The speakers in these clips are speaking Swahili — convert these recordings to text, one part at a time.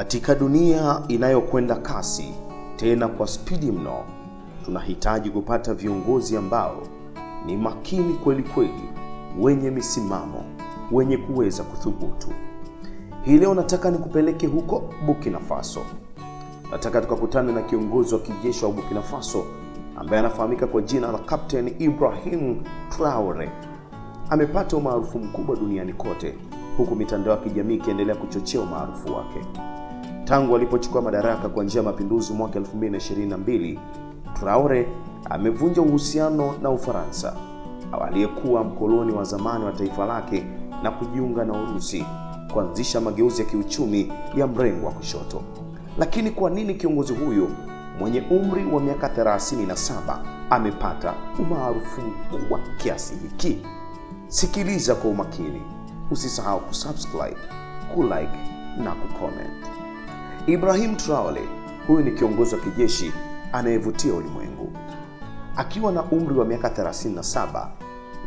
Katika dunia inayokwenda kasi tena kwa spidi mno, tunahitaji kupata viongozi ambao ni makini kweli kweli, wenye misimamo, wenye kuweza kuthubutu. Hii leo nataka nikupeleke huko Burkina Faso. Nataka tukakutane na kiongozi wa kijeshi wa Burkina Faso ambaye anafahamika kwa jina la Captain Ibrahim Traore. Amepata umaarufu mkubwa duniani kote, huku mitandao ya kijamii ikiendelea kuchochea umaarufu wake. Tangu alipochukua madaraka kwa njia ya mapinduzi mwaka 2022, Traore amevunja uhusiano na Ufaransa, aliyekuwa mkoloni wa zamani wa taifa lake, na kujiunga na Urusi kuanzisha mageuzi ya kiuchumi ya mrengo wa kushoto. Lakini kwa nini kiongozi huyo mwenye umri wa miaka 37 amepata umaarufu mkubwa kiasi hiki? Sikiliza kwa umakini, usisahau kusubscribe, kulike na kucomment. Ibrahim Traore, huyu ni kiongozi wa kijeshi anayevutia ulimwengu. Akiwa na umri wa miaka 37,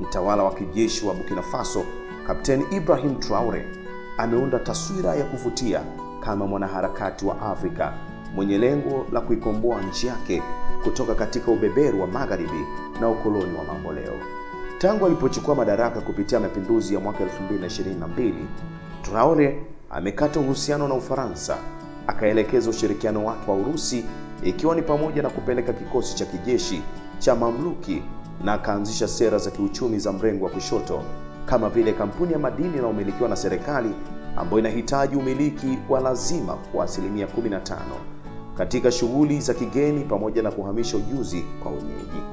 mtawala wa kijeshi wa Burkina Faso Kapteni Ibrahim Traore ameunda taswira ya kuvutia kama mwanaharakati wa Afrika mwenye lengo la kuikomboa nchi yake kutoka katika ubeberu wa magharibi na ukoloni wa mamboleo. Tangu alipochukua madaraka kupitia mapinduzi ya mwaka 2022, Traore amekata uhusiano na Ufaransa akaelekeza ushirikiano wake wa Urusi ikiwa ni pamoja na kupeleka kikosi cha kijeshi cha mamluki na akaanzisha sera za kiuchumi za mrengo wa kushoto kama vile kampuni ya madini inayomilikiwa na, na serikali ambayo inahitaji umiliki wa lazima kwa asilimia 15 katika shughuli za kigeni pamoja na kuhamisha ujuzi kwa wenyeji.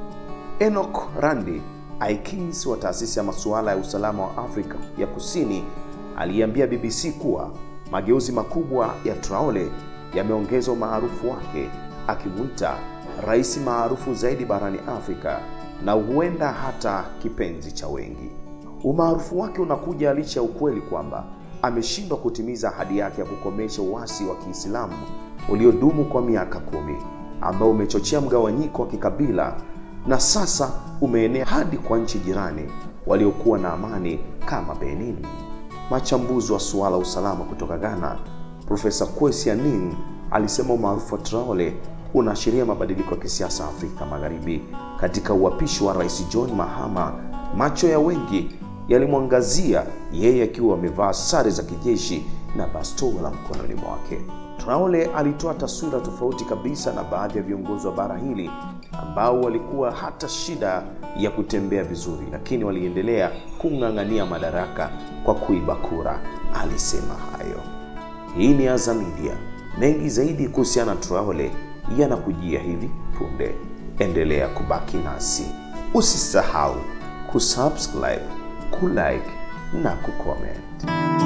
Enoch Randi Aikins wa taasisi ya masuala ya usalama wa Afrika ya Kusini aliambia BBC kuwa Mageuzi makubwa ya Traore yameongeza umaarufu wake, akimuita rais maarufu zaidi barani Afrika na huenda hata kipenzi cha wengi. Umaarufu wake unakuja licha ya ukweli kwamba ameshindwa kutimiza ahadi yake ya kukomesha uasi wa Kiislamu uliodumu kwa miaka kumi ambao umechochea mgawanyiko wa kikabila na sasa umeenea hadi kwa nchi jirani waliokuwa na amani kama Benin. Machambuzi wa suala usalama kutoka Ghana, Profesa Kwesi Anin alisema umaarufu wa Traore unaashiria mabadiliko ya kisiasa Afrika Magharibi. Katika uapishi wa Rais John Mahama, macho ya wengi yalimwangazia yeye akiwa amevaa sare za kijeshi na bastola mkononi mwake. Traore alitoa taswira tofauti kabisa na baadhi ya viongozi wa bara hili ambao walikuwa hata shida ya kutembea vizuri, lakini waliendelea kung'ang'ania madaraka kwa kuiba kura. Alisema hayo. Hii ni Azam Media. Mengi zaidi kuhusiana na Traore yanakujia hivi punde. Endelea kubaki nasi, usisahau kusubscribe, kulike na kucomment.